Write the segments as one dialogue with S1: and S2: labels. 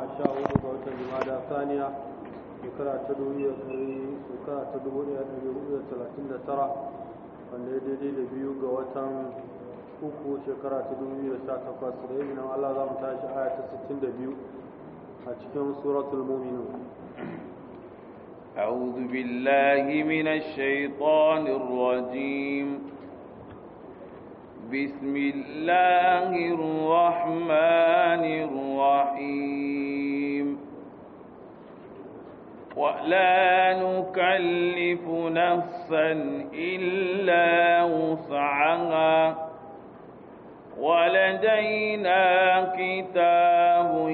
S1: juma'a sha hudu ga watan jumada saniya shekara ta shekara ta dubu ɗaya ɗari hudu da talatin da tara wanda ya daidai da biyu ga watan uku shekara ta dubu biyu da sha takwas da yi nan Allah za mu tashi aya ta sittin da biyu a cikin suratul muminu
S2: أعوذ بالله من الشيطان الرجيم بسم الله الرحمن الرحيم ولا نكلف نفسا إلا وسعها ولدينا كتاب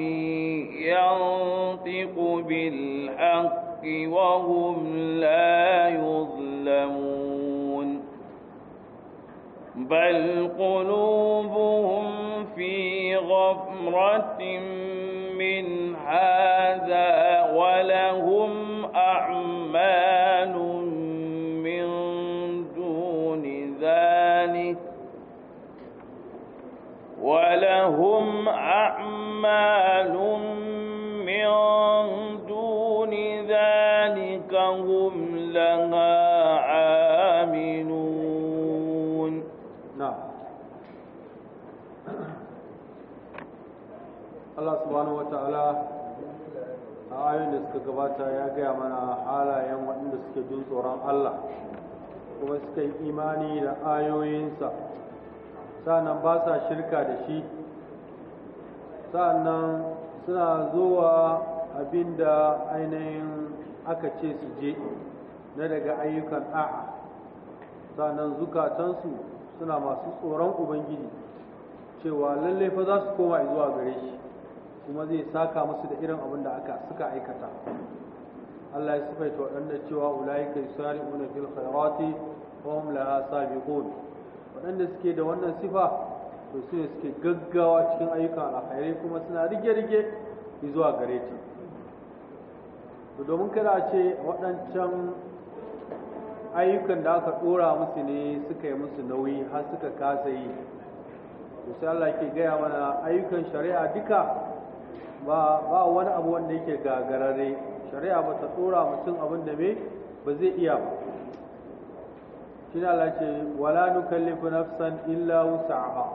S2: ينطق بالحق وهم لا يظلمون بل قلوبهم في غفرة من هذا ولهم أعمال من دون ذلك ولهم أعمال من دون ذلك هم لها
S1: Allah subhanahu wata'ala a ayoyin da suka gabata ya gaya mana halayen waɗanda suke jin tsoron Allah kuma suka yi imani da ayoyinsa sa'annan ba sa shirka da shi sa'annan suna zuwa abinda ainihin aka ce su je na daga ayyukan a'a sa'annan zukatansu suna masu tsoron ubangiji cewa lallai fa za su koma zuwa gare shi kuma zai saka musu da irin abin da aka suka aikata Allah ya sifaita waɗanda cewa sari muna fil khairati wa hum la sabiqun waɗanda suke da wannan sifa to su suke gaggawa cikin ayyukan alkhairi kuma suna rige-rige zuwa gare ta to domin kada a ce waɗancan ayyukan da aka ɗora musu ne suka yi musu nauyi har suka kasa yi to sai Allah ke gaya mana ayyukan shari'a duka ba wani abu wanda yake gagarare shari'a ba ta tsora mutum abin da me ba zai iya ba shi ne Allah wala nukallifu nafsan illa wus'aha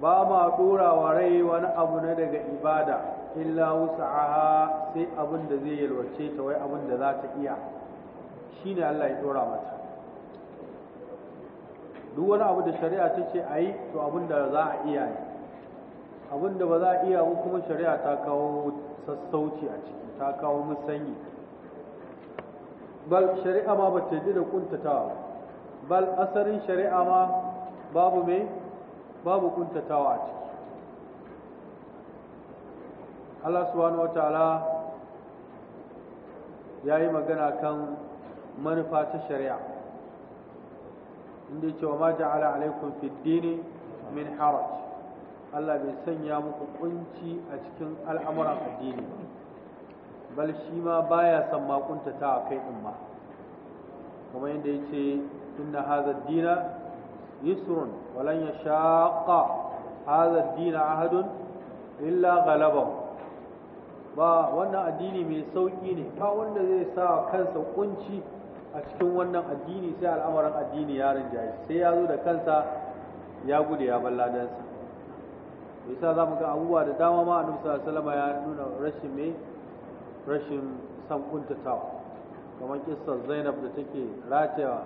S1: ba ma tsora wa rai wani abu na daga ibada illa wus'aha sai abin da zai yalwace ta wai abin da za ta iya shi ne Allah ya tsora mata duk wani abu da shari'a ta ce a yi to abin da za a iya ne abin da ba za a iya mu kuma shari'a ta kawo sassauci a ciki ta kawo musanyi bal shari'a ma ba ta da kuntatawa bal asarin shari'a ma babu mai babu kuntatawa a ciki Allah subhanahu wa ta'ala ya yi magana kan manufa ta shari'a inda ya ce wa ma ja'ala alaikum fi dini min haraj Allah bai sanya muku kunci a cikin al'amuran addini bal shi ma baya son makunta ta kai din ma kuma yadda ya ce inna haza dina yusrun walan ya shaƙa haza dina ahadun illa Galaba ba wannan addini mai sauƙi ne ba wanda zai sa kansa kunci a cikin wannan addini sai al'amuran addini ya rinjaye sai ya zo da kansa ya gude ya balladansa yasa za mu ga abubuwa da dama ma annabi sallallahu alaihi ya nuna rashin me rashin san kuntatawa kamar kissar Zainab da take ratewa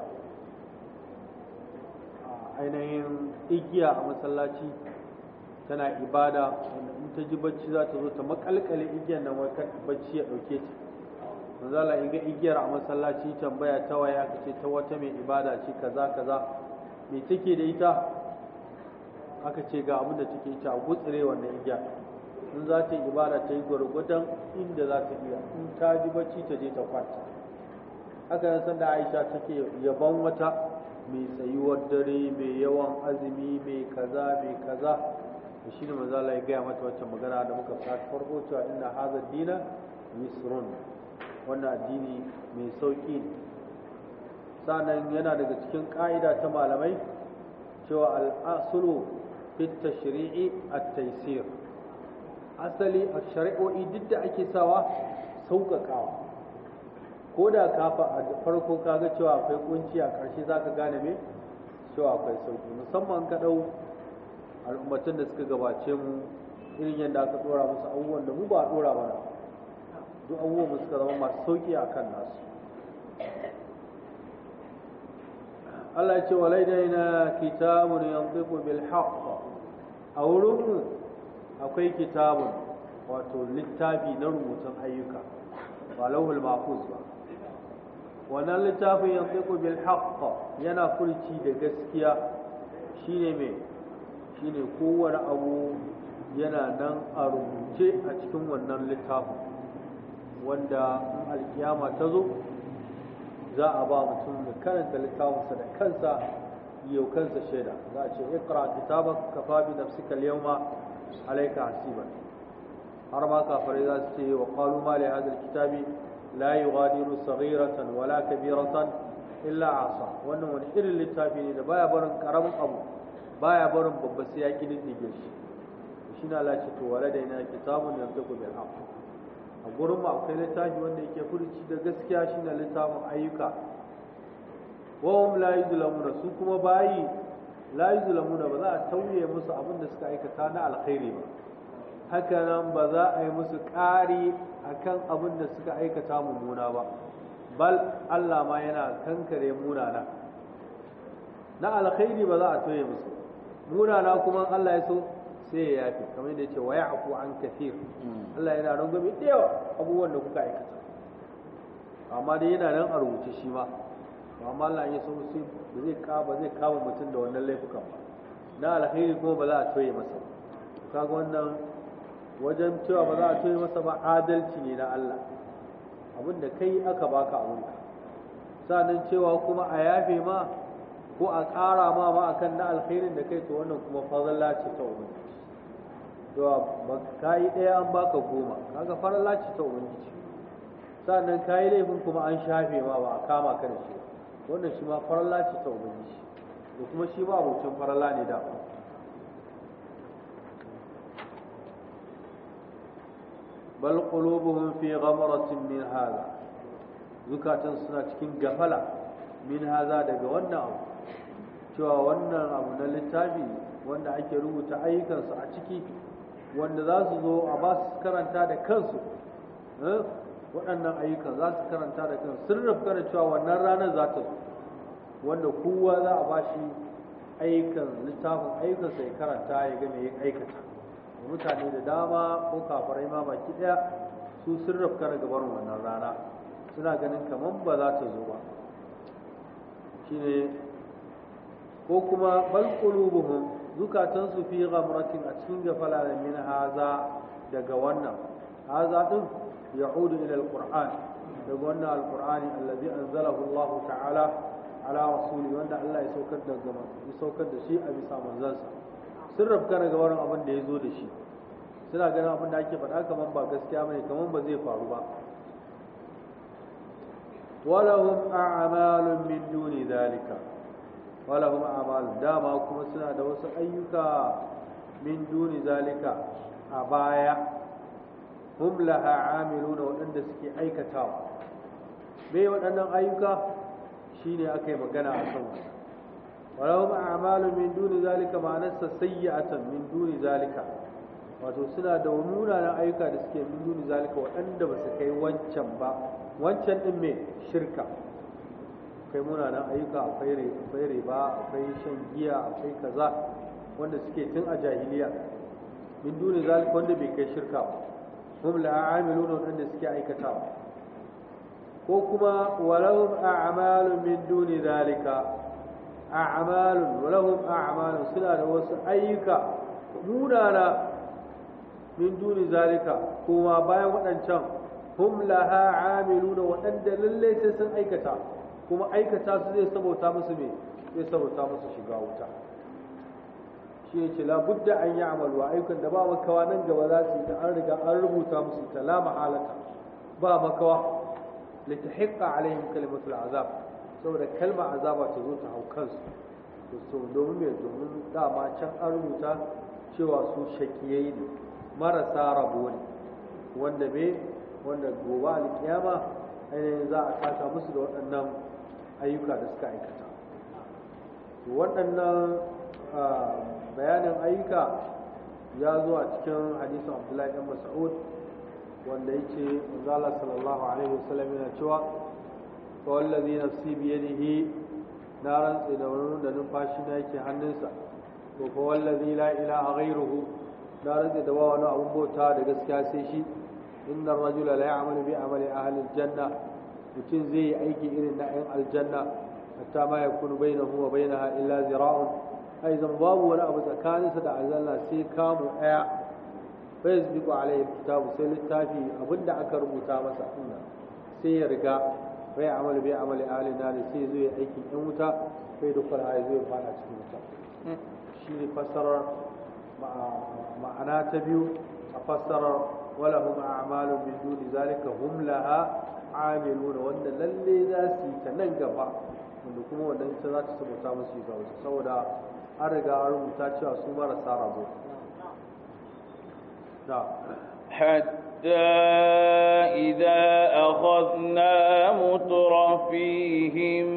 S1: ainihin igiya a masallaci tana ibada wanda in ta ji bacci za ta zo ta makalkale igiyar nan wai bacci ya dauke ta manzala in ga igiyar a masallaci tambaya ta waya kace ta wata mai ibada ce kaza kaza me take da ita aka ce ga abin da take ta gutsire wannan igiya Sun za ta yi ibada ta yi gwargwadon inda za ta iya in ta ji bacci ta je ta kwanta haka nan sanda aisha take yaban wata mai tsayuwar dare mai yawan azumi mai kaza mai kaza da shi ne maza Allah ya gaya mata wacce magana da muka fara farko cewa inna hazar dina yusrun wannan addini mai sauki ne sannan yana daga cikin ƙa'ida ta malamai cewa al'asulu fi tashri'i at-taysir asali a shari'o'i duk da ake sawa sauƙaƙawa ko da kafa a farko ga cewa akwai kunci a ƙarshe zaka gane me cewa akwai sauƙi musamman ka ɗau al'ummatin da suka gabace mu irin yadda aka ɗora musu abubuwan da mu ba a ɗora mana duk abubuwan mu suka zama masu sauki a kan nasu Allah ya ce walaidai na kitabun yantiqu bil haqq a wurin akwai kitabun wato littafi na rubutun ayyuka ba lauhul mahfuz ba wannan littafin yanzu bil haqqa yana furci da gaskiya shine mai shine kowane abu yana nan a rubuce a cikin wannan littafin wanda alƙiyama ta zo za a ba mutum da karanta littafinsa da kansa yau kansa shaida za a ce ikra kitabak kafa bi nafsika al-yawma alayka hasiba. har ma kafare za su ce wa qalu ma li hadha al-kitabi la yughadiru saghiratan wala kabiratan illa asa wannan wani irin littafi ne da baya barin karamin abu baya barin babba sai ya kididdige shi shi na lace to wala da ina kitabun yantaku bil haqq a gurin mu akwai littafi wanda yake furuci da gaskiya shine littafin ayyuka wa hum la yuzlamuna su kuma bayi la yuzlamuna ba za a tauye musu abin da suka aikata na alkhairi ba haka nan ba za a yi musu ƙari akan abin da suka aikata mummuna ba bal Allah ma yana kankare munana na alkhairi ba za a tauye musu munana kuma Allah ya so sai ya yafi kamar yadda ce wa aku an kafir Allah yana rungume da yawa abubuwan da kuka aikata amma dai yana nan a rubuce shi ma to amma Allah ya so shi ba zai ka ba zai kama mutum da wannan laifukan ba na alheri kuma ba za a toye masa ga wannan wajen cewa ba za a toye masa ba adalci ne na Allah abin da kai aka baka a wurin sanan cewa kuma a yafe ma ko a ƙara ma ma akan na alherin da kai to wannan kuma fadalla ce ta ubangiji to ka yi ɗaya an baka goma kaga farallaci ta ubangiji sannan ka yi laifin kuma an shafe ma ba a kama ka da shi wannan shi ma faralla ce ta ubangiji da kuma shi ba abokin faralla ne da bal qulubuhum fi ghamratin min hadha zukatan suna cikin gafala min hadha daga wannan abu cewa wannan abu na littafi wanda ake rubuta ayyukansu a ciki wanda za su zo a ba su karanta da kansu eh, waɗannan ayyukan za su karanta da kan sun rafka da cewa wannan ranar za ta zo wanda kowa za a bashi ayyukan littafin ayyukan ya karanta ya ga ya aikata mutane da dama ko kafarai ma baki ɗaya su sun rafka gabar wannan rana suna ganin kamar ba za ta zo ba shine ko kuma bal qulubuhum zukatansu fi ghamratin a cikin gafala min haza daga wannan haza din يعود إلى القرآن لقلنا القرآن الذي أنزله الله تعالى على رسوله وأن الله يسوكد الزمان يسوكد شيء بسا منزلسا سرب كان da ya zo da شيء suna ganin abin da ake faɗa kamar ba gaskiya mai kamar ba zai faru ba
S2: walahum a'malun min zalika
S1: walahum a'malun dama kuma suna da wasu ayyuka min a baya hum laha amiluna waɗanda suke aikatawa me waɗannan ayyuka shine aka yi magana a kan wasu walahum a'malu min duni zalika ma'anarsa sayyi'atan min duni zalika wato suna da munanan ayyuka da suke min duni zalika waɗanda ba su kai wancan ba wancan din me shirka akwai munanan ayyuka akwai riba akwai shan giya akwai kaza wanda suke tun a jahiliya min duni zalika wanda bai kai shirka ba hum la'amiluna wadanda suke aikatawa ko kuma walau a'malun min duni zalika a'malun walahum a'malun suna da wasu ayyuka munana min duni zalika ma bayan waɗancan hum laha amiluna waɗanda lallai sai sun aikata kuma aikata su zai sabota musu me zai sabota musu shiga wuta shi ya ce labudda an yi amalu ayyukan da ba makawa nan gaba za su yi da an riga an rubuta musu ta la mahalata ba makawa ta litahiqqa alaihim kalimatul azab saboda kalmar azaba ta zo ta hau kansu to so domin me domin dama can an rubuta cewa su shakiyayi ne marasa rabo ne wanda me wanda gobe alkiyama ainihin za a saka musu da waɗannan ayyuka da suka aikata waɗannan ah, bayanin ayyuka ya zo a cikin hadisin abdullahi ɗan mas'ud wanda yake manzala sallallahu alaihi wasallam yana cewa fa wallazi nafsi bi yadihi na rantsi da wani da numfashi na yake hannunsa
S3: to fa wallazi la ilaha ghairuhu na rantsi da ba wani abun bauta da gaskiya sai shi inna rajula la ya'malu bi amali ahli
S1: aljanna mutum zai yi aiki irin na 'yan aljanna hatta ma yakunu bainahu wa bainaha illa zira'un ai zan babu wani abu tsakaninsa da azalla sai kamu ɗaya bai yasbiqu alaihi kitabu sai littafi abunda aka rubuta masa inna sai ya riga bai amal bai amali na ne sai zo aiki in wuta bai dukkan ayi zo ya fara cikin wuta shi ne fassarar ma'ana ta biyu a fassarar wala hum a'malu min duni zalika hum laha amiluna wanda lalle za su yi ta nan gaba wanda kuma wannan ta za ta sabuta musu ga wasu saboda
S2: حتى إذا أخذنا مترفيهم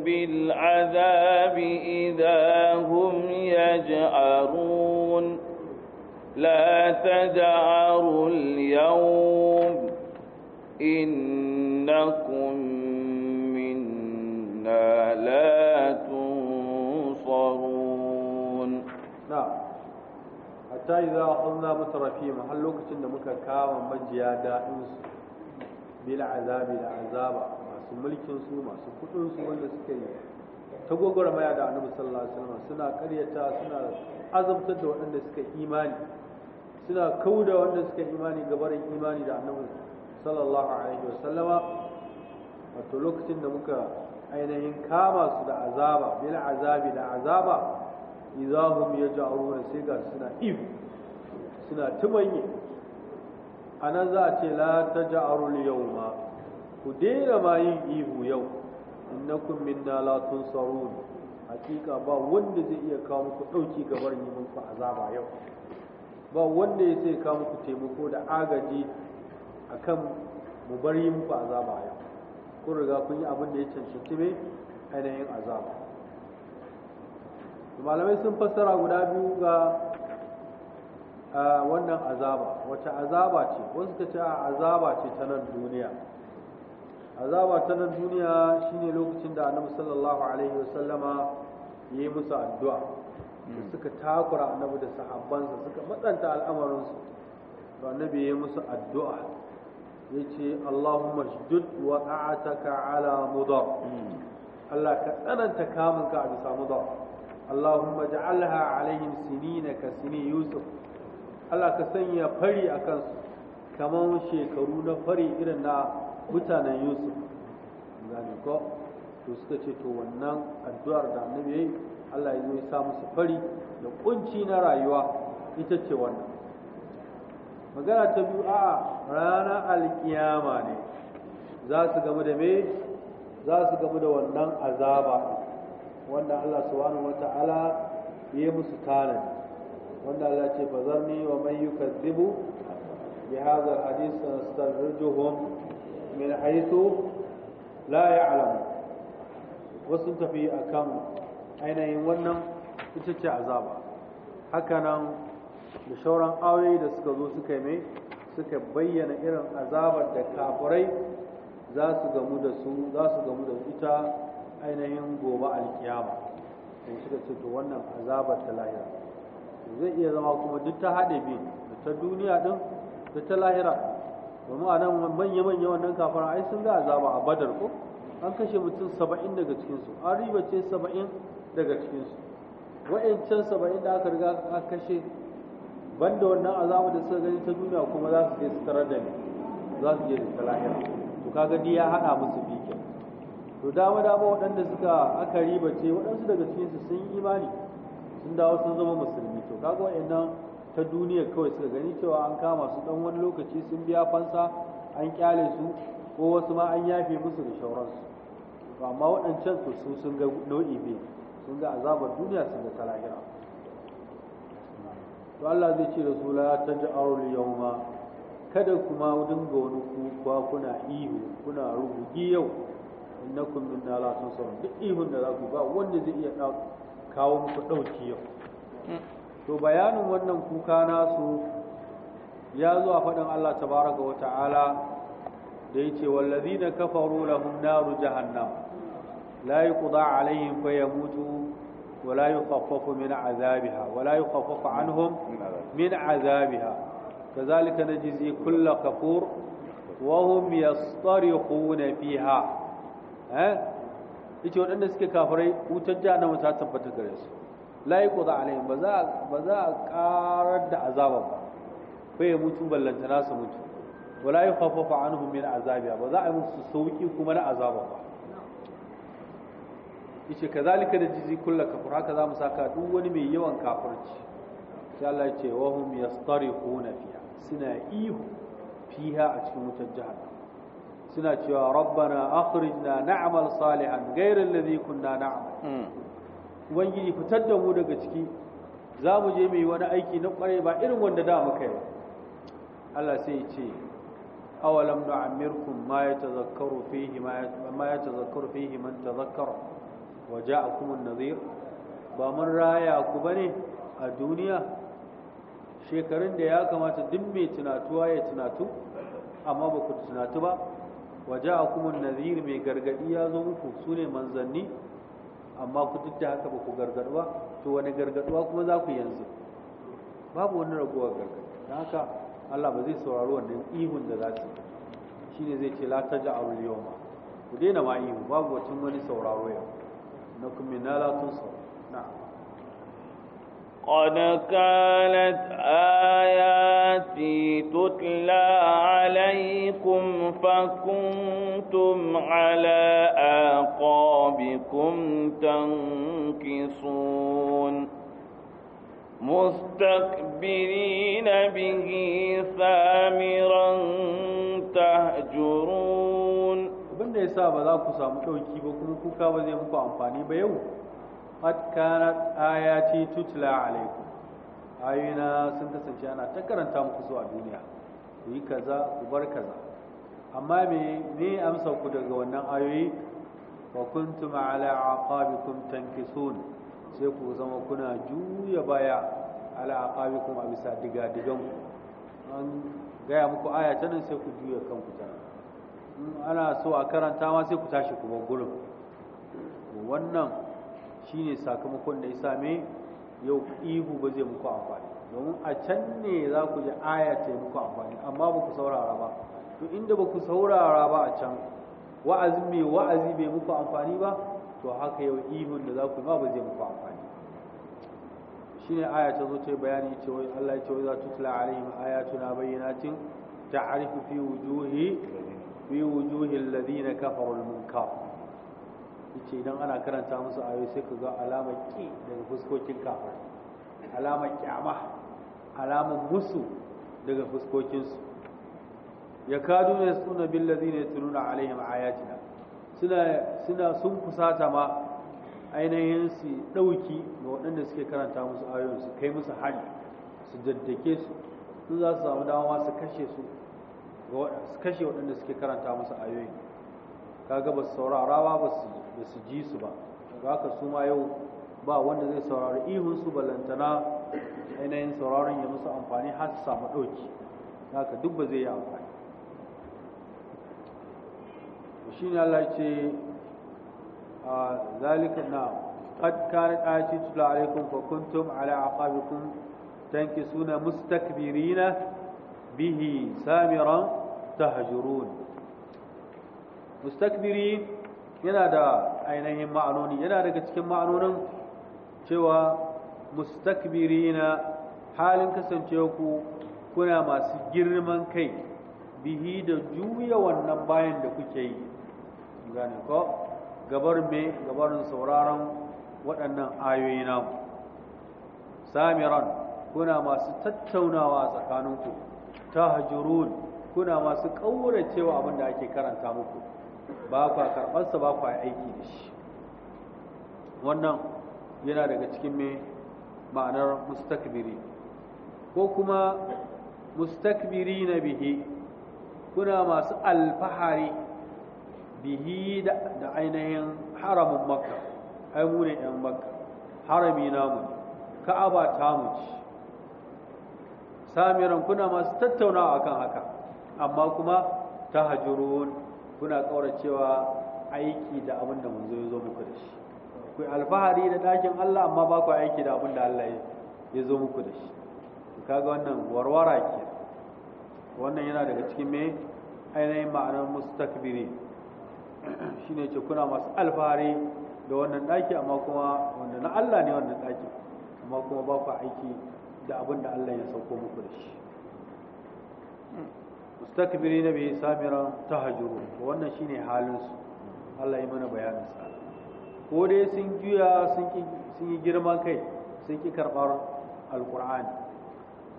S2: بالعذاب إذا هم يجأرون لا تدعروا اليوم إنكم منا لا تنصرون
S1: hatta idza akhadna mutrafim har lokacin da muka kama majiya daɗinsu. su bil azabi da azaba masu mulkin su masu kudin su wanda suke yi ta gogora maya da annabi sallallahu alaihi wasallam suna karyata suna azabtar da waɗanda suka imani suna kauda waɗanda suka imani gabarin imani da annabi sallallahu alaihi wasallama wato lokacin da muka ainihin kama su da azaba bil azabi da azaba idahum yaj'aluna sai ga suna If. suna tumanye a nan za a ce lata ta ja'arul yau ma ku daina ma yin ihu yau innakum minna la tunsarun hakika ba wanda zai iya kawo muku dauki gabar yi muku azaba yau ba wanda ya sai kawo muku taimako da agaji akan mu bar yi muku azaba yau kun riga kun yi abin da ya cancanci me ainihin azaba malamai sun fassara guda biyu ga wannan azaba wace azaba ce wasu ta ce azaba ce ta nan duniya azaba ta nan duniya shine lokacin da annabi sallallahu alaihi wasallama ya yi musu addu'a hmm. suka takura annabi da sahabbansa suka matsanta al'amarinsu to annabi ya yi musu addu'a ya ce allahumma shdud wa a'ataka ala mudar hmm. Allah ka tsananta kamun ka a bisa mudar ja'alha alaihim sinina ka sini Yusuf. Allah ka sanya fari a kansu kamar shekaru na fari irin na mutanen Yusuf gane ko to suka ce to wannan addu'ar da annabi yayi Allah ya yi sa musu fari da kunci na rayuwa ita ce wannan magana ta biyu a rana alkiyama ne za su gamu da me za su gamu da wannan azaba wanda Allah subhanahu wata'ala ya yi musu tanadi wanda Allah ce fa zarni wa man yukadzibu bi hadha alhadith sanastarjuhum min haythu la ya'lam wasu tafi akan ainihin wannan ita ce azaba hakanan da shauran aure da suka zo suka yi mai suka bayyana irin azabar da kafirai za su gamu da su za su gamu da ita ainihin gobe alkiyama sai suka ce to wannan azabar ta lahira zai iya zama kuma duk ta haɗe biyu da ta duniya ɗin da ta lahira domin a nan manya-manya wannan kafara ai sun ga azaba a badar ko an kashe mutum saba'in daga cikinsu an ribace saba'in daga cikinsu wa'yancan saba'in da aka riga aka kashe banda wannan azaba da suka gani ta duniya kuma za su je su tarar da ni za su je da ta lahira to kaga ni ya haɗa musu biki. to dama dama waɗanda suka aka ribace waɗansu daga cikinsu sun yi imani sun dawo sun zama musulmi to kaga wayannan ta duniya kawai suka gani cewa an kama su dan wani lokaci sun biya fansa an kyale su ko wasu ma an yafe musu da shauransu to amma waɗancan to su sun ga nau'i biyu sun ga azabar duniya sun ga ta to Allah zai ce da su la yawma
S3: kada kuma dinga wani kuka kuna ihu kuna rubuge yau innakum min la tansarun duk ihun da za ku ba
S1: wanda zai iya kawo muku dauki yau mm. to bayanin wannan kuka nasu ya zuwa faɗin Allah tabaraka wa ta'ala da yace wallazina kafaru lahum naru jahannam la yuqda alaihim fayamutu wa la yukhaffafu min azabiha wala la yukhaffafu anhum min azabiha كذلك نجزي كل كفور وهم يصطرخون فيها ها yace waɗanda suke kafirai wutar jahannama ta tabbata gare su la yuqda alaihim ba za a ƙarar da azaba ba fa mutu ballantana su mutu wala yukhaffafa anhum min azabiha ba za a yi musu sauki kuma na azaba ba yace kazalika da jizi kullu kafin haka za mu saka duk wani mai yawan kafirci sai Allah ya ce wa hum fiha suna ihu fiya a cikin wutar jihar suna cewa rabbana akhrijna na'mal salihan ghayra alladhi kunna na'mal hmm. ubangiji fitar da mu daga ciki za mu je mai wani aiki na kwarai ba irin wanda da muka yi Allah sai ya ce awalam nu'ammirkum ma yatazakkaru fihi ma yatazakkaru fihi man tazakkara wa ja'akum an-nadhir ba mun raya ku bane a duniya shekarun da ya kamata duk mai tunatuwa ya tunatu amma ba ku tunatu ba wa ja'akum an-nadhir mai gargadi ya zo muku sune manzanni amma ku duk da haka ba ku gargaduwa to wani gargaduwa kuma za ku yanzu babu wani ragowar gargaduwa don haka Allah ba zai saurari wannan ihun da za su shi ne zai ce lataja ta ja ma ku daina ma ihu babu wacin wani sauraro yau na kuma na sauraro
S2: قد كانت آياتي تتلى عليكم فكنتم على آقابكم تنكصون مستكبرين به سامرا تهجرون
S1: abin da ya sa ba za ku samu ɗauki ba kuma kuka ba zai muku amfani ba yau qad kanat ayati tutla alaikum ayoyina sun kasance ana ta karanta muku zuwa duniya ku yi kaza ku bar kaza amma me ne amsa ku daga wannan ayoyi wa kuntum ala aqabikum tankisun sai ku zama kuna juya baya ala aqabikum a bisa diga digan an gaya muku aya ta nan sai ku juya kanku ta ana so a karanta ma sai ku tashi ku bar gurin wannan shine sakamakon da ya same yau ihu ba zai muku amfani domin a can ne za ku ji aya ta muku amfani amma ba ku saurara ba to inda ba ku saurara ba a can wa'azi mai wa'azi bai muku amfani ba to haka yau ihun da za ku ba zai muku amfani shine aya ta zo ta bayani cewa Allah ya ce wa za tutla alaihim ayatuna bayyana cin fi wujuhi fi wujuhi alladhina kafa wani munkar yace idan ana karanta musu ayoyi sai ka ga alamar ki daga fuskokin kafir alamar kyama alamar musu daga fuskokinsu ya kadu ne suna billazi ne tununa alaihim ayatina suna suna sun kusata ma ainihin su dauki ga waɗanda suke karanta musu ayoyin su kai musu hali su daddake su su za su samu dama su kashe su su kashe waɗanda suke karanta musu ayoyin kaga ba su saurara ba ba su ji su ba ga ka su ma yau ba wanda zai saurari ihun su balantana ainihin sauraron ya musu amfani har su samu ɗauki ka duk ba zai yi amfani shi ne Allah ce a zalika na qad kanat ayati tutla alaikum ala aqabikum mustakbirina bihi samiran tahjurun mustakbiri yana da ainihin ma'anoni yana daga cikin ma'anonin cewa na halin kasancewa ku kuna masu girman kai bihi da juya wannan bayan da kuke yi gane ko gabar me gabarin sauraron waɗannan ayoyi namu samiran kuna masu tattaunawa tsakaninku Ta tahjurun kuna masu ƙauracewa abin da ake karanta muku ba kwa karɓarsa ba kwa aiki da shi wannan yana daga cikin mai ma'anar mustakbiri ko kuma mustakbiri na bihi kuna masu alfahari bihi da ainihin haramin makka haimunan 'yan makka harami namun ka'aba ta ce samiran kuna masu tattaunawa kan haka amma kuma ta hajjuru kuna kauracewa aiki da abin da manzo ya zo muku da shi ku alfahari da dakin Allah amma ba ku aiki da abin da Allah ya zo muku da shi kaga wannan warwara ke wannan yana daga cikin me ainihin ma'anar mustakbiri shine ce kuna masu alfahari da wannan daki amma kuma wanda na Allah ne wannan daki amma kuma ba ku aiki da abin da Allah ya sauko muku da shi mustakbiri na bai samira ta hajjuru wannan shine halinsu Allah yi mana bayanin sa ko dai sun juya sun yi girman kai sun ki karɓar Alƙur'ani,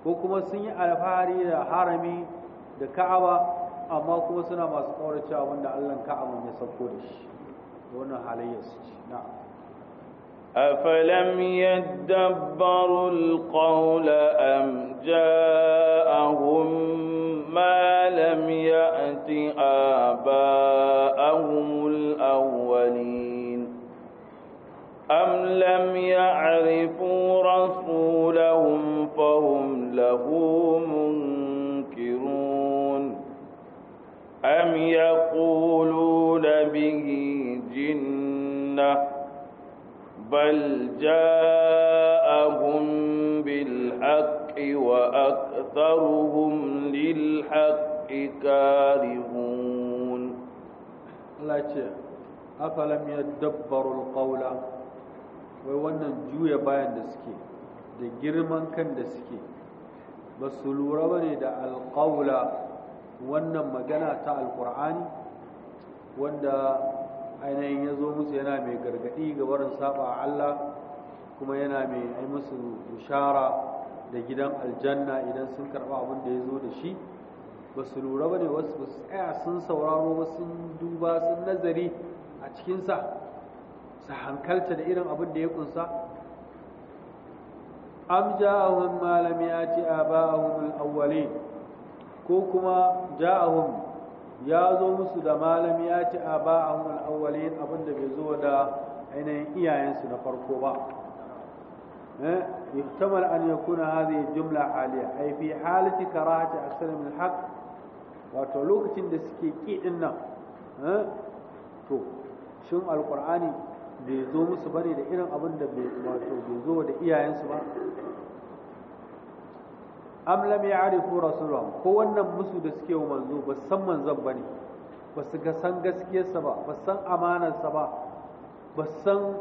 S1: ko kuma sun yi alfahari da harami da ka'aba amma kuma suna masu ƙauracewa wanda Allah ka'aban ya sauko da shi wannan halayyarsu ce na'am
S2: أفلم يدبروا القول أم جاءهم ما لم يأت آباءهم الأولين أم لم يعرفوا رسولهم فهم له منكرون أم يقولون به جنة بل جاءهم بالحق وأكثرهم للحق كارهون لا شيء أفلم يدبروا القول wai
S1: wannan juya bayan da suke da girman kan da suke ba su lura ba ne da alƙaula wannan magana ta alƙur'ani wanda ainihin ya zo musu yana mai gargaɗi ga barin saba Allah kuma yana mai yi musu bishara da gidan aljanna idan sun karɓa abin da ya zo da shi ba su lura ba ne wasu ba su tsaya sun sauraro ba sun duba sun nazari a cikinsa su hankalta da irin abin da ya kunsa am ja'ahum ma lam yati aba'ahum al-awwalin ko kuma ja'ahum ya zo musu da malam ya ci a al-awwalin abin da bai zo da ainihin iyayensu na farko ba يحتمل eh, yakuna يكون jumla الجملة عالية أي في حالة كراهة أكثر min الحق wato lokacin da suke kiɗin nan eh, to shin alƙur'ani bai zo musu bane da irin abin da wato bai zo da iyayensu ba am lam ya'rifu rasulahum ko wannan musu da suke wa manzo ba san manzon bane ba su ga san gaskiyarsa ba ba san amanarsa ba ba san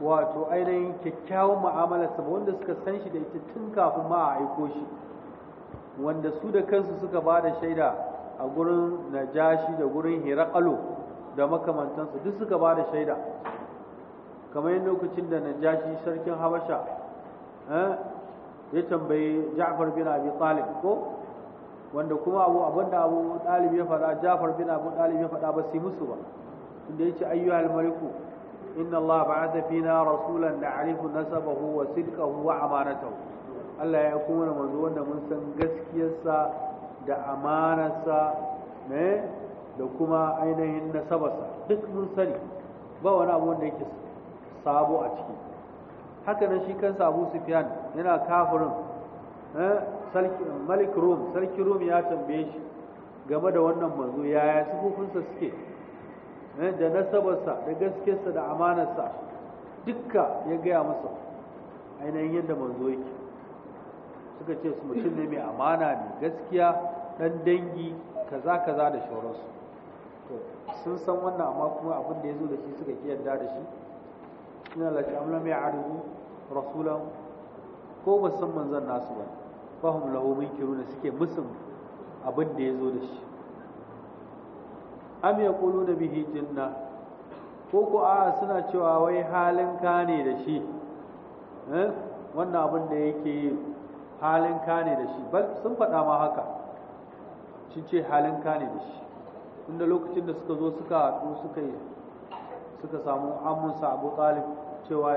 S1: wato ainihin kyakkyawan mu'amalarsa ba wanda suka san shi da ita tun kafin ma a aiko shi wanda su da kansu suka ba da shaida a gurin najashi da gurin hirakalo da makamantansu duk suka ba da shaida kamar yin lokacin da najashi sarkin habasha eh, ya tambayi ja'far bin abi talib ko wanda kuma abu abinda abu talib ya faɗa ja'far bin abu talib ya faɗa ba su musu ba inda ya ce ayyuhal maliku inna allah ba'atha fina rasulan na'rifu nasabahu wa sidqahu wa amanatahu Allah ya kuma manzo wanda mun san gaskiyarsa da amanarsa da kuma ainihin nasabarsa duk mun sani ba wani abu wanda yake sabo a ciki haka nan shi kansa abu sufyan yana kafirin malik rum sarki rum ya tambaye shi game da wannan manzo yaya sufufinsa suke da nasabarsa da sa, da amanarsa dukka ya gaya masa ainihin yadda manzo yake suka ce su mutum ne mai amana ne, gaskiya ɗan dangi kaza kaza da shauransu to sun san wannan amma kuma abin da ya zo da shi suka ki yarda da shi ina lati amlam ya arihu rasulan ko ba san manzon nasu ba fahum lahu kiruna suke musun abin da ya zo da shi am yaquluna bihi jinna ko ko a suna cewa wai halin ka ne da shi eh? wannan abin da yake halin ka ne da shi bal sun faɗa ma haka shi ce halin ka ne da shi inda lokacin da suka zo suka haɗu suka yi suka samu amunsa abu talib cewa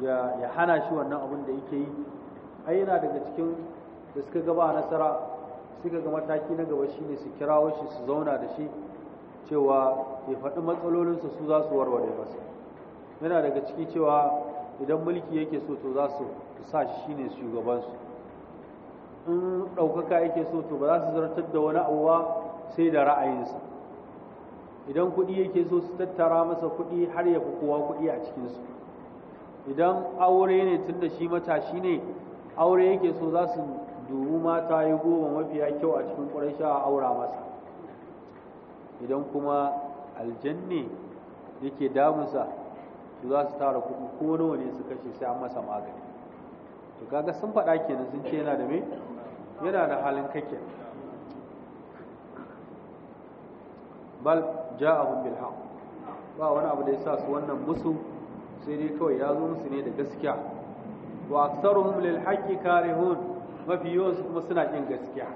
S1: ya hana shi wannan abin da yake yi ai yana daga cikin da suka gaba nasara suka ga mataki na gaba shine su kirawo shi su zauna da shi cewa ya faɗi matsalolinsa su za su warware masa yana daga ciki cewa idan mulki yake so to za su sa shi shine shugabansu in ɗaukaka yake so to ba za su zartar da wani abuwa sai da ra'ayinsa idan kuɗi yake so su tattara masa kuɗi har ya fi kowa kuɗi a cikinsu idan aure ne tun da shi matashi ne aure yake so za su dubu mata yi goma mafiya kyau a cikin ƙwararsha a aura masa idan kuma aljanne yake damunsa to za su tara kuɗi ko nawa ne su kashe sai an masa magani to kaga sun faɗa kenan sun ce yana da me yana da halin kake bal ja'ahum bil haqq ba wani abu da yasa su wannan musu sai dai kawai ya zo musu ne da gaskiya wa aktsaruhum lil haqqi karihun mafi yawan su kuma suna kin gaskiya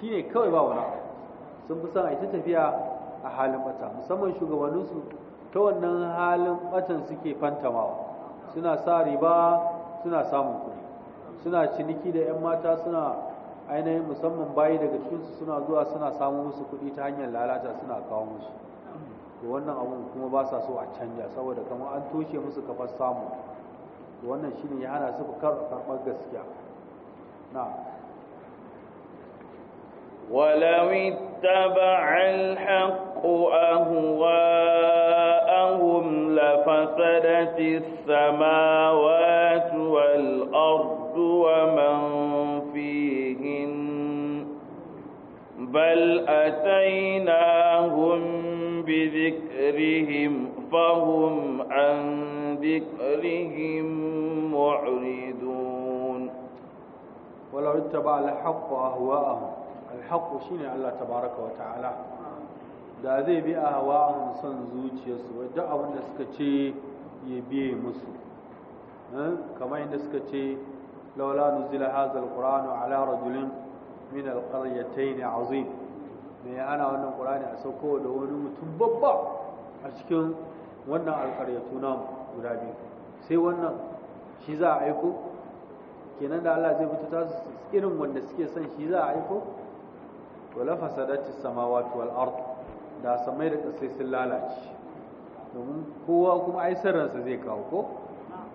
S1: shine kawai ba wani sun fi son a ta tafiya a halin bata musamman shugabanninsu ta wannan halin batan suke fantamawa suna sa riba suna samun kudi, suna ciniki da 'yan mata suna ainihin musamman bayi daga cikinsu suna zuwa suna samu musu kuɗi ta hanyar lalata suna kawo musu to wannan abun kuma ba sa so a canja saboda kamar an toshe musu kafar samu to wannan shine ya hana su karɓar gaskiya na
S2: ولو اتبع الحق أهواءهم لفسدت السماوات والأرض ومن بل أتيناهم بذكرهم فهم عن ذكرهم معرضون ولو اتبع
S1: الحق أهواءهم الحق شيني الله تبارك وتعالى da zai bi a hawa son zuciyarsu wadda abin da suka ce ya biye musu kamar inda suka ce laula nuzila hazal qur'anu ala rajulin min alqaryatayn azim me ana wannan qur'ani a sauko da wani mutum babba a cikin wannan alqaryatu nam guda biyu sai wannan shi za a aiko kenan da Allah zai fito su irin wanda suke son shi za a aiko to la samawati wal ard da samai da kasai sun lalace domin kowa kuma ai zai kawo ko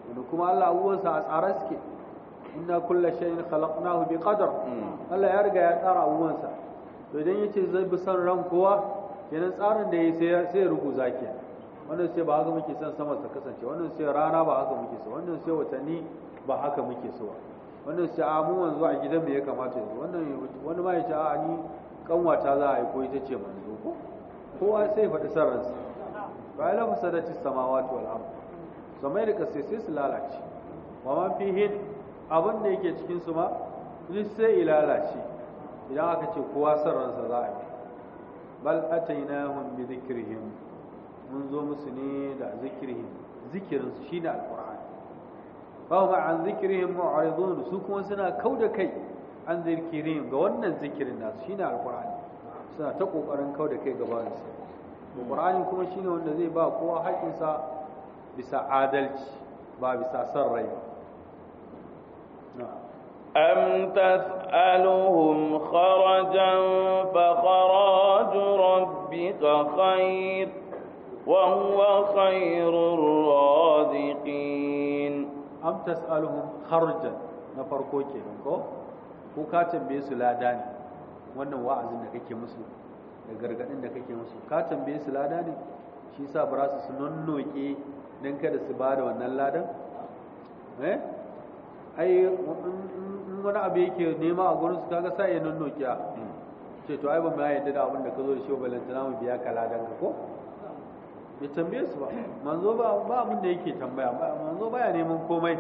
S1: wanda kuma Allah abubuwansa a tsare suke inna kulla shay'in khalaqnahu bi qadar Allah ya riga ya tsara abubuwansa to idan yace zai bi san ran kowa kenan tsarin da yayi sai ya ruguza ke wannan sai ba haka muke son sama ta kasance wannan sai rana ba haka muke so wannan sai watanni ba haka muke so wannan sai amu wanzu a gidan me ya kamata yanzu wannan wani ma ya ce a ni ta za a yi ko ita ce manzo ko kowa sai faɗi san ransa ba la fasadati samawati wal ardh samai da kasai sai su lalace wa man fihin abin da yake cikin su ma duk sai ilalace idan aka ce kowa san ransa za a yi bal atainahum bi dhikrihim mun zo musu ne da zikrihim zikirin su shine alqur'an fa hum an zikrihim mu'ridun su kuma suna kauda kai an zikirin ga wannan zikirin nasu shine alqur'an suna ta kokarin kauda kai gabanin su alqur'ani kuma shine wanda zai ba kowa haƙinsa bisa adalci ba bisa san rai ba
S2: أم تسألهم خرجا فخراج ربك خير وهو خير الرازقين أم تسألهم خرجا نفرقو kenan ko ko ka
S1: tambaye su lada ne wannan wa'azin da kake musu da gargadin da kake musu ka tambaye su lada ne shi yasa ba su nonnoke dan kada su bada wannan ladan in wani abu yake nema a gurin su kaga sai ya nunnokiya ce to ai ba mu yadda da abin da ka zo da shi ba lantana mu biya ka ladan ka ko bai tambaye su ba manzo ba ba abin da yake tambaya ba manzo baya neman komai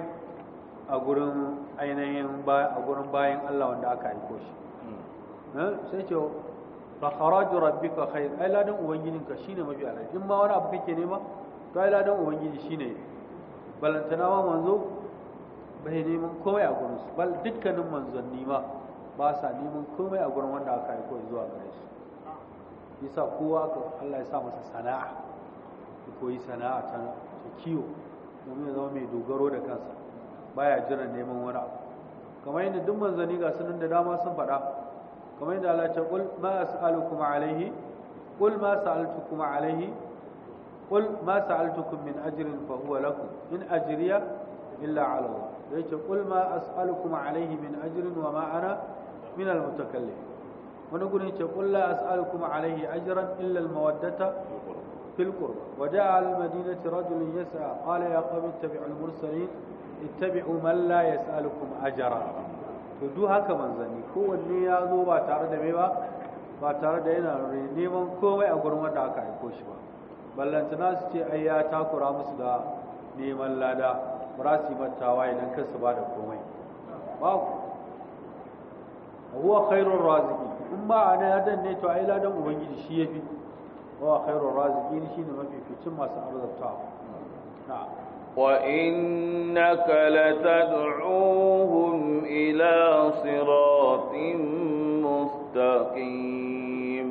S1: a gurin ainihin ba a gurin bayan Allah wanda aka aiko shi
S3: hmm.
S1: eh, sai ce fa kharaju rabbika khair ai ladan ka shine mafi alai in ma wani abu kake nema to ai ladan ubangiji shine balantana ma manzo bai neman komai a gurin su bal dukkanin manzanni ma ba sa neman komai a gurin wanda aka aiko zuwa gare su yasa kowa ka Allah ya sa masa sana'a ya koyi sana'a ta kiwo domin ya zama mai dogaro da kansa baya jiran neman wani abu kamar yadda duk manzanni ga sunan da dama sun faɗa kamar yadda Allah ce kul ma as'alukum alaihi kul ma sa'altukum alaihi qul ma sa'altukum min ajrin fa huwa lakum in ajriya illa ala Allah da ce qul ma as'alukum alayhi min ajirin wa ma ana min al-mutakallim wani gudun ce qul la as'alukum alayhi ajran illa mawaddata filkur. wa da'a al-madinati rajulun yas'a qala ya qawmi ittabi'u al-mursalin ittabi'u man la yas'alukum ajra to duk haka manzanni kowanne ya zo ba tare da me ba ba tare da yana neman komai a gurin wanda aka aiko shi ba ballantana su ce ai ya takura musu da neman lada ba su yi mattawa idan kansu ba da komai babu huwa khairur raziki in ba a nan yadan ne to ai ladan ubangiji shi yafi huwa khairun shi ne mafificin masu arzikawa na'am
S2: وإنك لتدعوهم إلى صراط مستقيم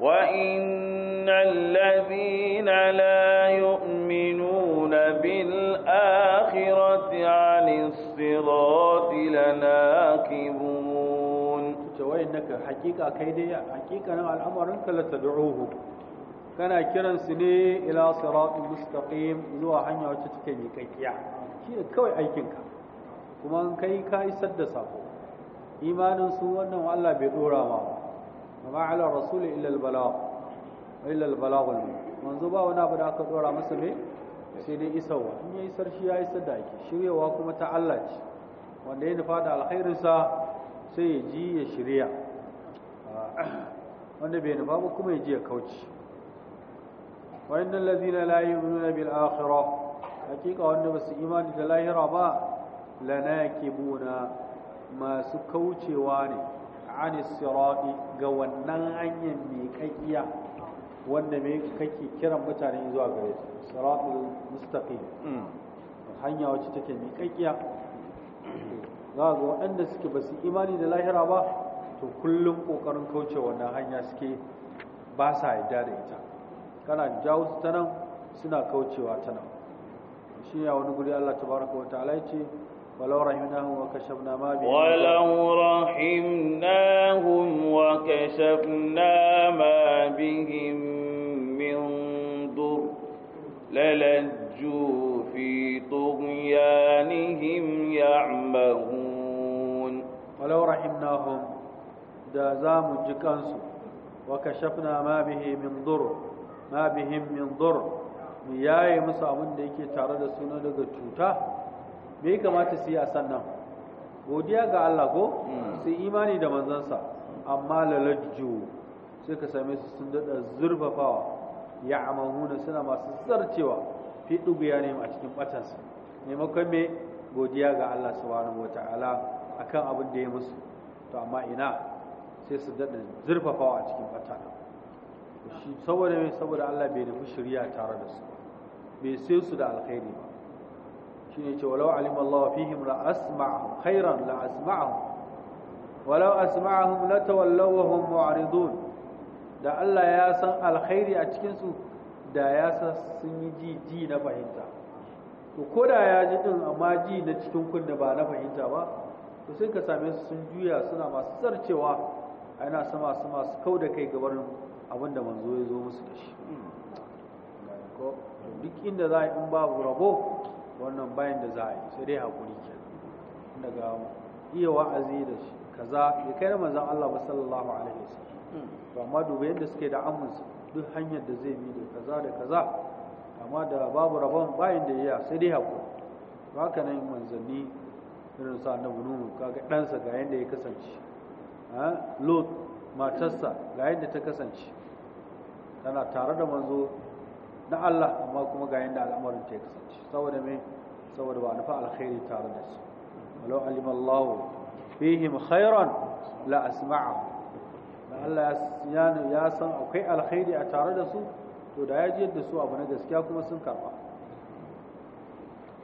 S2: وَإِنَّ الَّذِينَ لَا يُؤْمِنُونَ بِالْآخِرَةِ عَنِ الصِّرَاطِ لَنَاكِبُونَ تويدك حقيقة كيدة حقيقة الأمر أنك لا تدعوه
S1: كان كيران سني إلى صراط مستقيم إنه حنيا وتتكني كيكيا كيرا كوي أيكينك كمان كيكا يسد سابو إيمان سوى أنه الله بيقورا ماما amma ala rasul illa balagh illa balagh manzo ba wani abu da aka dora masa ne sai dai isarwa in ya isar shi ya isar da ake shiryawa kuma ta Allah ce wanda ya nufa da alkhairinsa sai ya ji ya shirya wanda bai nufa ba kuma ya ji ya kauce wa'annan lazina la yu'minuna bil akhirah hakika wanda basu imani da lahira ba lanakibuna masu kaucewa ne ani sirati ga wannan hanyar mai kakkiya wanda me kake kiran mutane zuwa gare ta siratul mustaqim hmm. hanya wacce take mai kakkiya za ga waɗanda suke ba su imani da lahira ba to kullum ƙoƙarin kauce wannan hanya suke ba sa yarda da ita kana jawo su ta nan suna kaucewa ta nan shi ya wani guri Allah tabaraka wa ta'ala ya ce ولو رحمناهم وكشفنا ما بهم ولو
S2: رحمناهم وكشفنا ما بهم من ضر للجوا في طغيانهم يعمهون
S1: ولو رحمناهم
S2: دازام زام وكشفنا ما به من ضر ما بهم من ضر yayi مسا abin da yake tare da
S1: daga cuta me kamata su yi a sannan godiya ga Allah ko hmm. sai imani da manzansa amma lalajjo sai ka same su sun dada zurfafawa ya amahuna suna masu zarcewa fi dubiya ne a cikin ɓatansu maimakon me godiya ga Allah subhanahu a akan abin da ya musu to amma ina sai su dada zurfafawa a cikin batana saboda me saboda Allah bai nufi shirya tare da su bai sai su da alkhairi ba shi ne ce walau alimallahu fihim la asma'ahum khairan la asma'ahum walau asma'ahum la da Allah ya san alkhairi a cikinsu da ya san sun yi ji ji na fahimta ko da ya ji din amma ji na cikin kunne ba na fahimta ba to sai ka same su sun juya suna masu sarcewa ana sama su masu kau da kai gabar abin da manzo ya zo musu da shi
S3: hmm.
S1: duk inda za in babu rabo wannan bayan da za a yi sai dai haƙuri ke daga iya wa'azi da shi kaza ya kai manzon Allah ba sallallahu alaihi wasu ba hmm. amma dubu yadda suke da amunsa duk hanyar da zai bi da kaza da kaza amma da babu rabon bayan da yaya sai dai haƙuri ba ka nan manzanni irin sa na bunu kaga ɗansa ga yadda ya kasance lot matarsa ga yadda ta kasance tana tare da manzo na Allah amma kuma ga yanda al'amarin ta kasance saboda me saboda ba nufa alkhairi tare da su walau alima Allah fihim khairan la asma'a da Allah ya san akwai alkhairi a tare da su to da ya ji yadda su abu na gaskiya kuma sun karba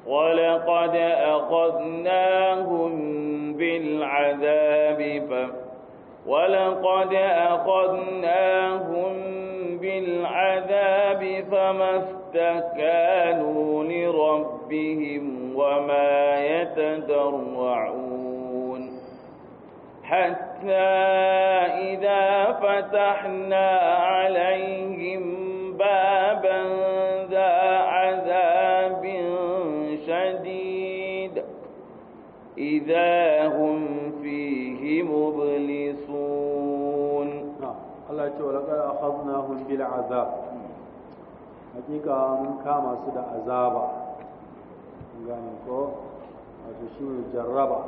S2: ولقد أخذناهم بالعذاب فما ولقد أخذناهم بالعذاب فما استكانوا لربهم وما يتدرعون حتى إذا فتحنا عليهم بابا ذا عذاب شديد إذا هم فيه مبلسون Allah ce walakar akhadnahum bil
S1: azab hakika mun kama su da azaba gane ko wato shi jarraba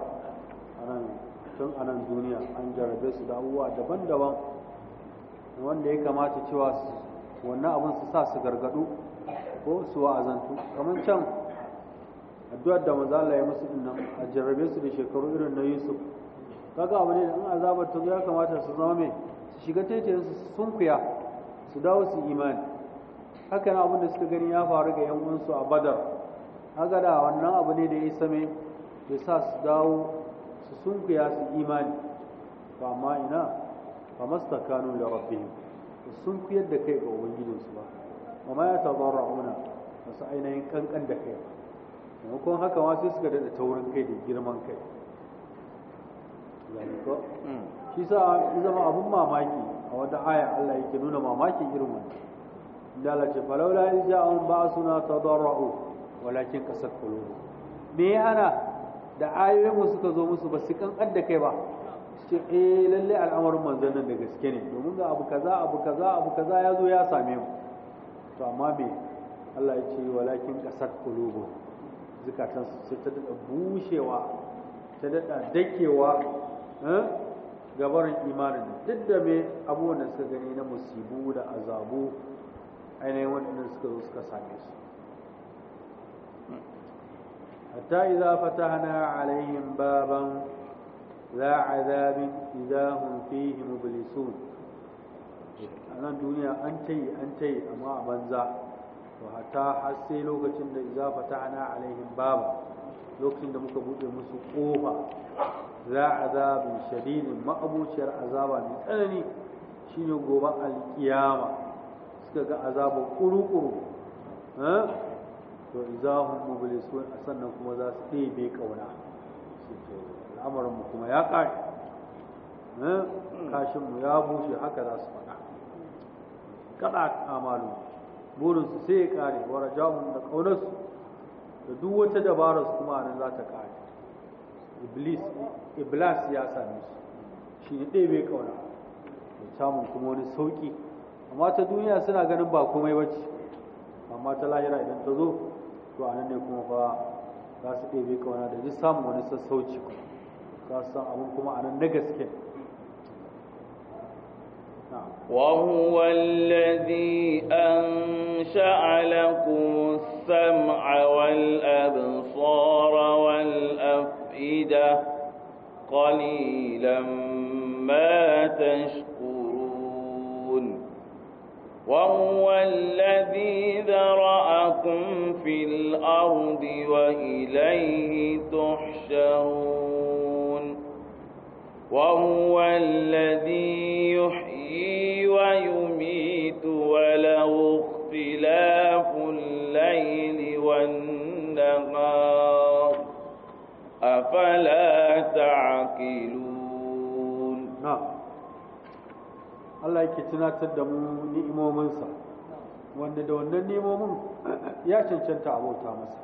S1: tun anan duniya an jarrabe su da abubuwa daban-daban wanda ya kamata cewa su wannan abin su sa su gargadu ko su wa'azantu kamar can addu'ar da manzo Allah ya musu dinnan a jarrabe su da shekaru irin na Yusuf kaga abu ne da in azabar ta ya kamata su zama mai su shiga tete su sunkuya su dawo su imani haka na abin da suka gani ya faru ga yan uwansu a badar haka da wannan abu ne da ya same da sa su dawo su sunkuya su imani ba ma ina ba tsakanin da ba su sunkuyar da kai ga ubangijinsu ba ba ma ya tabarra'una masu ainihin kankan da kai ba maimakon haka ma sai suka daɗa taurin kai da girman kai
S3: Hmm.
S1: shi sa ya zama abun mamaki a wata aya Allah yake nuna mamaki irin wannan da Allah ce falaula in ja'ahum ba'suna tadarra'u walakin kasat qulubu me ana da ayoyin mu suka zo musu ba su kankan da kai ba ce eh lalle al'amarin manzon nan da gaske ne domin ga abu kaza abu kaza abu kaza ya zo ya same mu to amma me Allah ya ce walakin kasat qulubu zukatan su ta daɗa bushewa ta daɗa dakewa gabarin imanin duk da me abubuwan da suka gani na musibu da azabu ainihin waɗanda suka zo suka same su hatta idza fatahna alaihim baban za azabin idza hum fihi mublisun a nan duniya an ta yi an ta yi amma a banza to hatta har sai lokacin da idza fatahna alaihim baban lokacin da muka buɗe musu ƙofa za a azabin shadidin ma'abuciyar azaba mai tsanani ne gobe alkiyama suka ga azabin ƙuru-ƙuru. Eh? to za izahun su a sannan kuma za su ɗebe ƙauna al'amarinmu kuma ya ƙare eh? kashinmu ya bushe haka za su faɗa kaɗa amalu burinsu sai ya ƙare wa rajahun da ƙaunarsu da duk wata dabara su kuma nan za ta kare iblis iblas ya same su shi ne ɗaya bai kauna mai samun kuma wani sauƙi amma ta duniya suna ganin ba komai bace amma ta lahira idan ta zo to a nan ne kuma fa za su ɗaya bai kauna da ji samun wani sassauci ku za su san abin kuma a nan na gaske
S2: وهو الذي أنشأ لكم السماء السمع والأبصار والأفئدة قليلا ما تشكرون وهو الذي ذرأكم في الأرض وإليه تحشرون وهو الذي يحيي ويميت أفلا تعقلون نعم
S1: الله يكتنا تدمو نئمو منسا wanda da wannan ni'imomin ya cancanta abota masa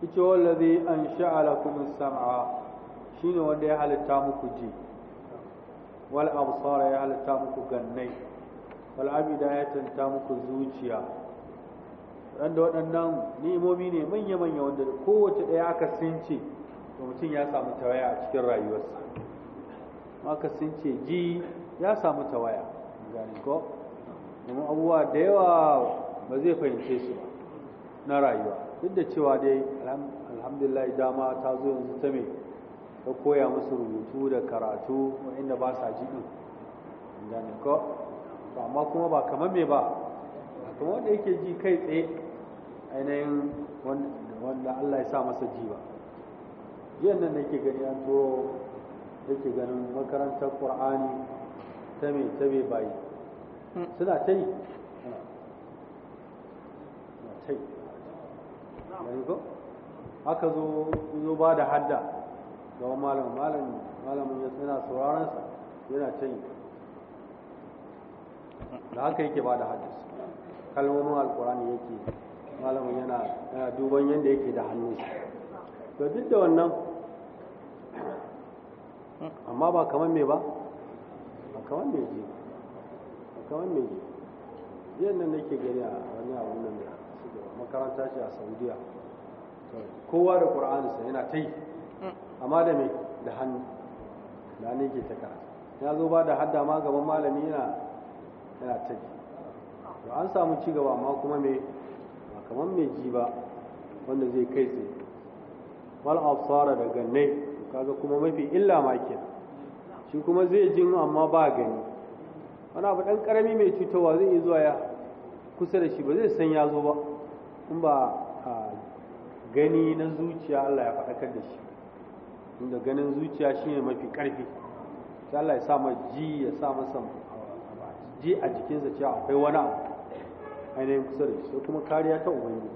S1: ita wallazi an sha'ala kuma sam'a shine wanda ya halitta muku ji wal absara ya halitta muku gannai wal abida ya tanta muku zuciya wanda waɗannan ni'imomi ne manya-manya wanda kowace ɗaya aka since da mutum ya samu tawaya a cikin rayuwarsa aka since ji ya samu tawaya gani ko domin abubuwa da yawa ba zai fahimce su ba na rayuwa duk da cewa dai alhamdulillah dama ta zo yanzu ta mai, ta koya musu rubutu da karatu inda ba sa ji din gani ko amma kuma ba kamar me ba kuma wanda yake ji kai tsaye ainihin wanda Allah ya sa masa jiwa ba nan nake gani an turo ke ganin makarantar ƙur'ani ta mai ta mai bayi suna ta yi ta yi ko aka zo zo ba da hadda ga wani malam malam malamin ya tsina sauraron sa yana ta yi da haka yake ba da haddasa kalmomin alkurani yake malamin yana eh, duban yadda yake da hannun shi to duk da wannan amma ba kamar me ba ba kamar me je, ba kamar me ji jiyan nan nake gani a wani abun nan da makaranta ce a saudiya kowa da ƙur'aninsa yana ta yi amma da me da hannu da ne ke ta karatu ya zo ba da hadda ma gaban malami yana yana ta yi an samu cigaba amma kuma me kamar mai ji ba wanda zai kai sai wal absara da gannai kaga kuma mafi illa ma ke shi kuma zai ji amma ba gani wani abu dan karami mai cutarwa zai yi zuwa ya kusa da shi ba zai san ya zo ba in ba gani na zuciya Allah ya faɗakar da shi inda ganin zuciya shine mafi karfi sai Allah ya sa ji ya sa masa ji a jikinsa cewa akwai wani abu ainihin kusa da shi kuma kariya ta ubangiji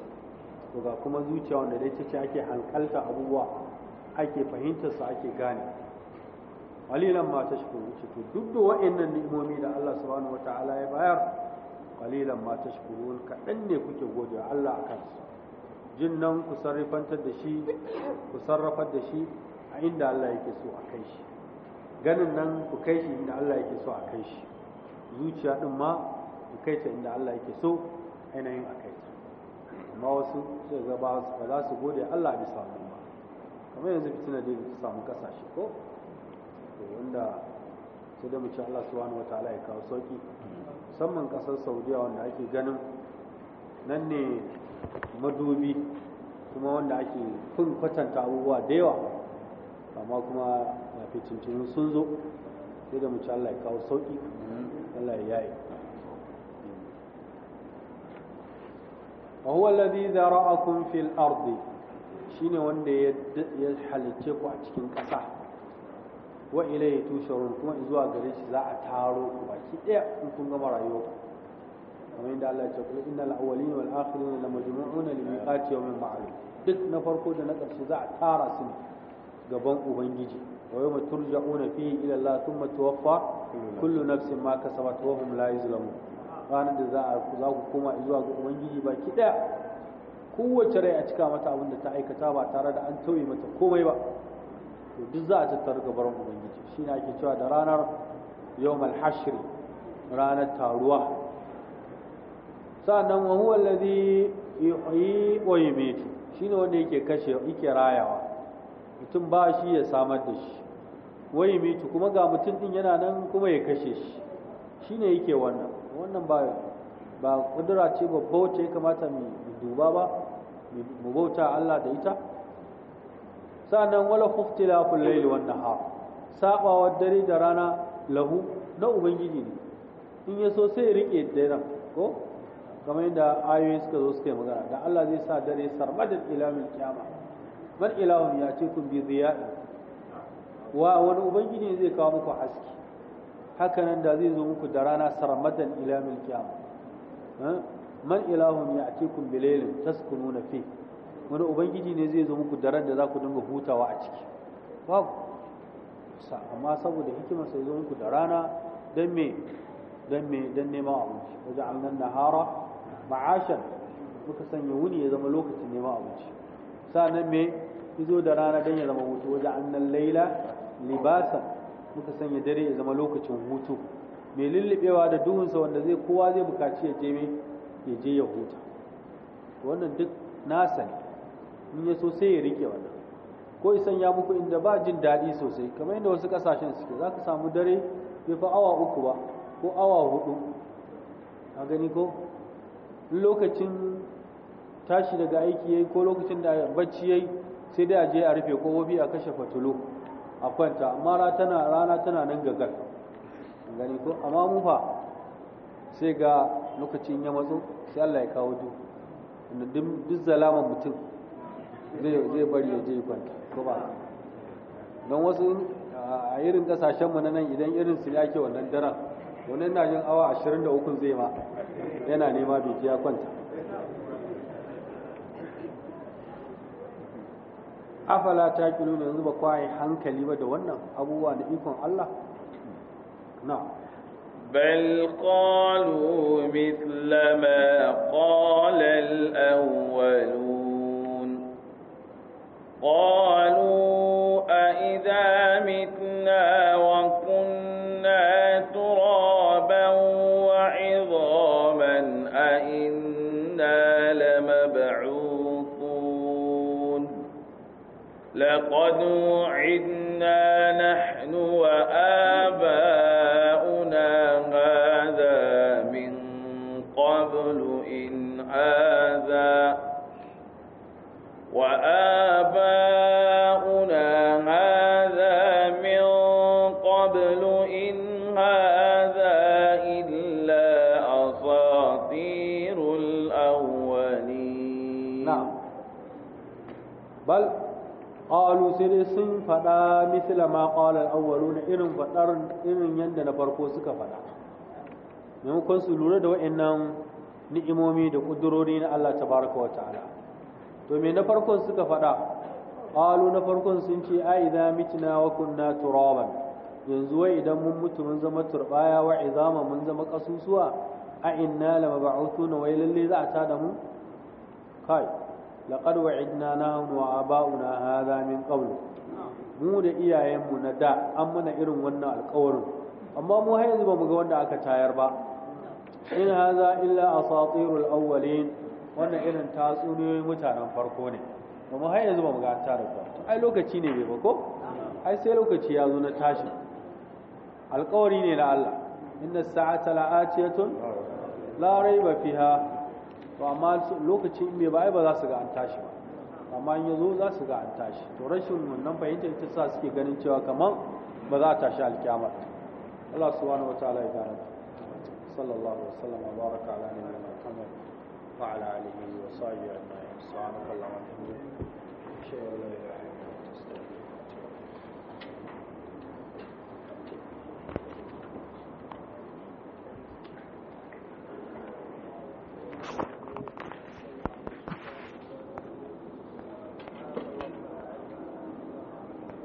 S1: to ga kuma zuciya wanda dai tace ake hankalta abubuwa ake fahimtar su ake gane qalilan ma tashkuru ce to duk da wa'annan ni'imomi da Allah subhanahu wataala ya bayar qalilan ma tashkurun kaɗan ne kuke gode Allah akan jin nan ku sarrafantar da shi ku sarrafar da shi a inda Allah yake so a kai shi ganin nan ku kai shi inda Allah yake so a kai shi zuciya din ma su kai ta inda Allah yake so ainihin a kai ta amma wasu sai ga ba za su gode Allah bisa wannan ba kamar yanzu fitina da su samu kasashe ko to wanda sai da mu ci Allah subhanahu wataala ya kawo sauki musamman kasar Saudiya wanda ake ganin nan ne madubi kuma wanda ake kun kwatanta abubuwa da yawa amma kuma na fitincinin sun zo sai da mu ci Allah ya kawo sauki mm-hmm. Allah ya yi. wa huwa alladhi zara'akum fil ardi shine wanda ya halicce ku a cikin ƙasa ya tushe tusharun kuma zuwa gare shi za a taro ku baki daya in kun gama rayuwa kamar yadda Allah ya ce kul innal awwalina wal akhirina lamajmu'una li miqati yawmin ma'lum duk na farko da na ƙarshe za a tara su gaban ubangiji wa yawma turja'una fihi ila Allah thumma tuwaffa kullu ma ranar da za za ku koma zuwa ga ubangiji baki daya kowace rai a cika mata abin da ta aikata ba tare da an tauye mata komai ba to duk za a tattara gabar ubangiji ne ake cewa da ranar yawmal hashr ranar taruwa sa'annan wa huwa allazi yuhyi wa yumitu shine wanda yake kashe yake rayawa mutum ba shi ya samar da shi wa yumitu kuma ga mutum din yana nan kuma ya kashe shi shine yake wannan wannan ba ba kudura ce babba wacce ya kamata mu duba ba mu bauta Allah da ita sa'annan wala khuftilaful layl wan nahar sabawar dare da rana lahu na ubangiji ne in ya so sai rike daren ko kamar yadda ayoyi suka zo suka magana da Allah zai sa dare sarmadan ilamin kiyama man ilahun ya ce kun bi ziya'i wa wani ubangiji zai kawo muku haske hakanan da zai zo muku da rana sarmadan ila mil qiyam man ilahum ya'tikum bilailin na fi wani ubangiji ne zai zo muku daren da za ku dinga hutawa a ciki babu amma saboda hikimar sai zo muku da rana dan me dan me dan neman abinci wajen annan nahara ma'ashan muka sanya wuni ya zama lokacin neman abinci sanan me izo da rana dan ya zama hutu wajen annan laila libasan muka sanya dare ya zama lokacin hutu mai lullubewa da duhunsa wanda zai kowa zai bukaci ya je ya je ya huta wannan duk nasa ne in ya so sai ya rike wannan ko isan ya muku inda ba jin daɗi sosai kamar inda wasu ƙasashen suke za ka samu dare bai fi awa uku ba ko awa hudu a gani ko lokacin tashi daga aiki ya yi ko lokacin da bacci yi sai dai a je a rufe kofofi a kashe fatulu a kwanta amma rana tana nan gagar gani ko amma mu fa sai ga lokacin ya matso sai Allah ya kawo duk duk zalama mutum zai bari ya je kwanta ko ba don wasu a irin kasashen mu na nan idan irin su yake wannan daren wannan na jin awa 23 zai ma yana nema bai ya kwanta afala ta kilo yanzu ba kwaye hankali ba da wannan abubuwa da ikon Allah
S2: na بل قالوا مثل ما قال الأولون قالوا أئذا متنا لقد وعدنا نحن وآباؤنا هذا من قبل إن هذا وآباؤنا
S1: sun faɗa misila ma ƙalar awwalu na irin faɗar irin yadda na farko suka faɗa maimakon su lura da wa'annan ni'imomi da ƙudurori na Allah baraka wa ta'ala to me na farkon suka faɗa ƙalu na farkon sun ce a idza mitna wa kunna turaban yanzu wai idan mun mutu mun zama turbaya wa izama mun zama kasusuwa a inna lamab'utuna wai lalle za a tada mu kai لقد وعدنا نحن وآباؤنا هذا min mu da iyayenmu na da an mana irin wannan alkawarin amma mu har yanzu mu ga wanda aka tayar ba in haza illa asatirul awwalin wannan irin tatsuniyoyin mutanen farko ne ba mu har yanzu mu ga an tara ba ai lokaci ne bai ba ko ai sai lokaci ya zo na tashi alkawari ne na Allah inna sa'ata la'atiyatun la raiba fiha to amma lokaci in ba ai ba za su ga an tashi ba amma in ya zo za su ga an tashi to rashin wannan fahimtar ita sa suke ganin cewa kamar ba za a tashi alkiyama Allah subhanahu wataala ya gane sallallahu alaihi wasallam wa baraka ala nabiyina Muhammad wa ala alihi wa sahbihi ajma'in subhanakallahumma wa bihamdika ashhadu an la ilaha